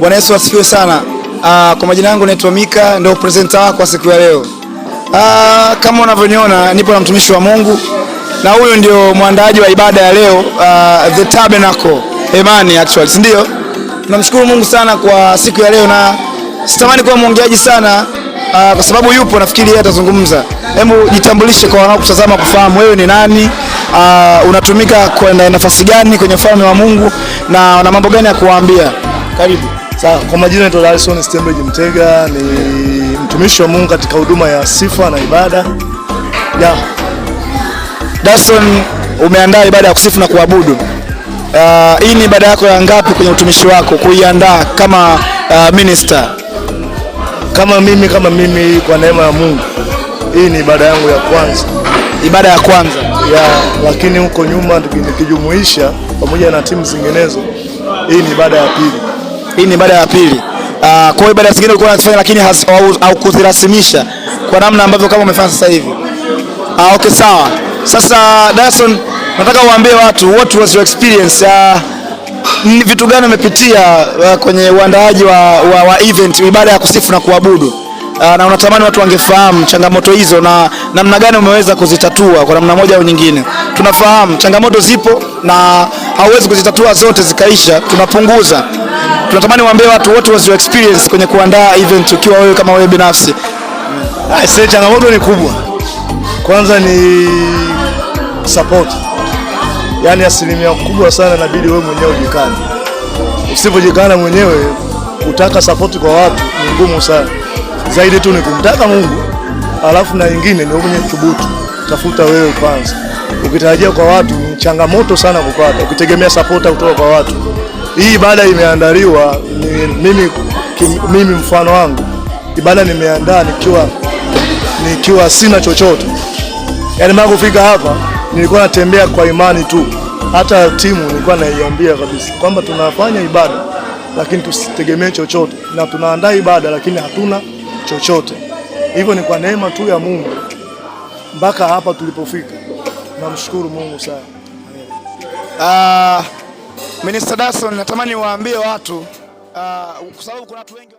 Bwana Yesu asifiwe sana. Aa, ah, kwa majina yangu naitwa Mika, ndio presenter wako siku ya leo. Aa, ah, kama unavyoniona nipo na mtumishi wa Mungu na huyu ndio mwandaaji wa ibada ya leo uh, the tabernacle Emani actually, si ndio? Tunamshukuru Mungu sana kwa siku ya leo, na sitamani kuwa mwongeaji sana uh, kwa sababu yupo, nafikiri yeye atazungumza. Hebu jitambulishe kwa wanaokutazama kufahamu wewe ni nani, uh, unatumika kwenda nafasi gani kwenye falme wa Mungu na na mambo gani ya kuwaambia. Karibu. Sa, kwa majina naitwa Darson Stembeji Mtega, ni mtumishi wa Mungu katika huduma ya sifa na ibada. Yeah. Darson, umeandaa ibada ya kusifu na kuabudu. Uh, hii ni ibada yako ya ngapi kwenye utumishi wako kuiandaa kama uh, minister? Kama mimi kama mimi kwa neema ya Mungu hii ni ibada yangu ya kwanza, ibada ya kwanza ya, lakini huko nyuma nikijumuisha pamoja na timu zinginezo hii ni ibada ya pili. Hii ni ibada ya pili. Ah, kwa hiyo ibada zingine ulikuwa unazifanya lakini haukuzirasimisha kwa namna ambavyo kama umefanya sasa hivi. Ah, okay sawa. Sasa Dyson, nataka uambie watu what was your experience? Uh, ni vitu gani umepitia uh, kwenye uandaaji wa, wa, wa event ibada ya kusifu na kuabudu uh, na unatamani watu wangefahamu changamoto hizo na namna gani umeweza kuzitatua kwa namna moja au nyingine. Tunafahamu changamoto zipo na hauwezi kuzitatua zote zikaisha, tunapunguza tunatamani waambie watu wote wasio experience kwenye kuandaa event, ukiwa wewe kama wewe binafsi. Ah, changamoto ni kubwa. Kwanza ni support, yaani asilimia kubwa sana inabidi wewe mwenyewe ujikane. Usipojikana mwenyewe, kutaka support kwa watu ni ngumu sana. Zaidi tu ni kumtaka Mungu, alafu na ingine ni mwenye thubutu. Tafuta wewe kwanza, ukitarajia kwa watu ni changamoto sana kupata, ukitegemea support kutoka kwa watu hii ibada imeandaliwa mimi, mimi mfano wangu ibada nimeandaa nikiwa, nikiwa sina chochote yani mpaka kufika hapa nilikuwa natembea kwa imani tu. Hata timu nilikuwa naiambia kabisa kwamba tunafanya ibada lakini tusitegemee chochote, na tunaandaa ibada lakini hatuna chochote. Hivyo ni kwa neema tu ya Mungu mpaka hapa tulipofika. Namshukuru Mungu sana. Ah, Minister Dawson, natamani waambie watu uh, kwa sababu kuna watu wengi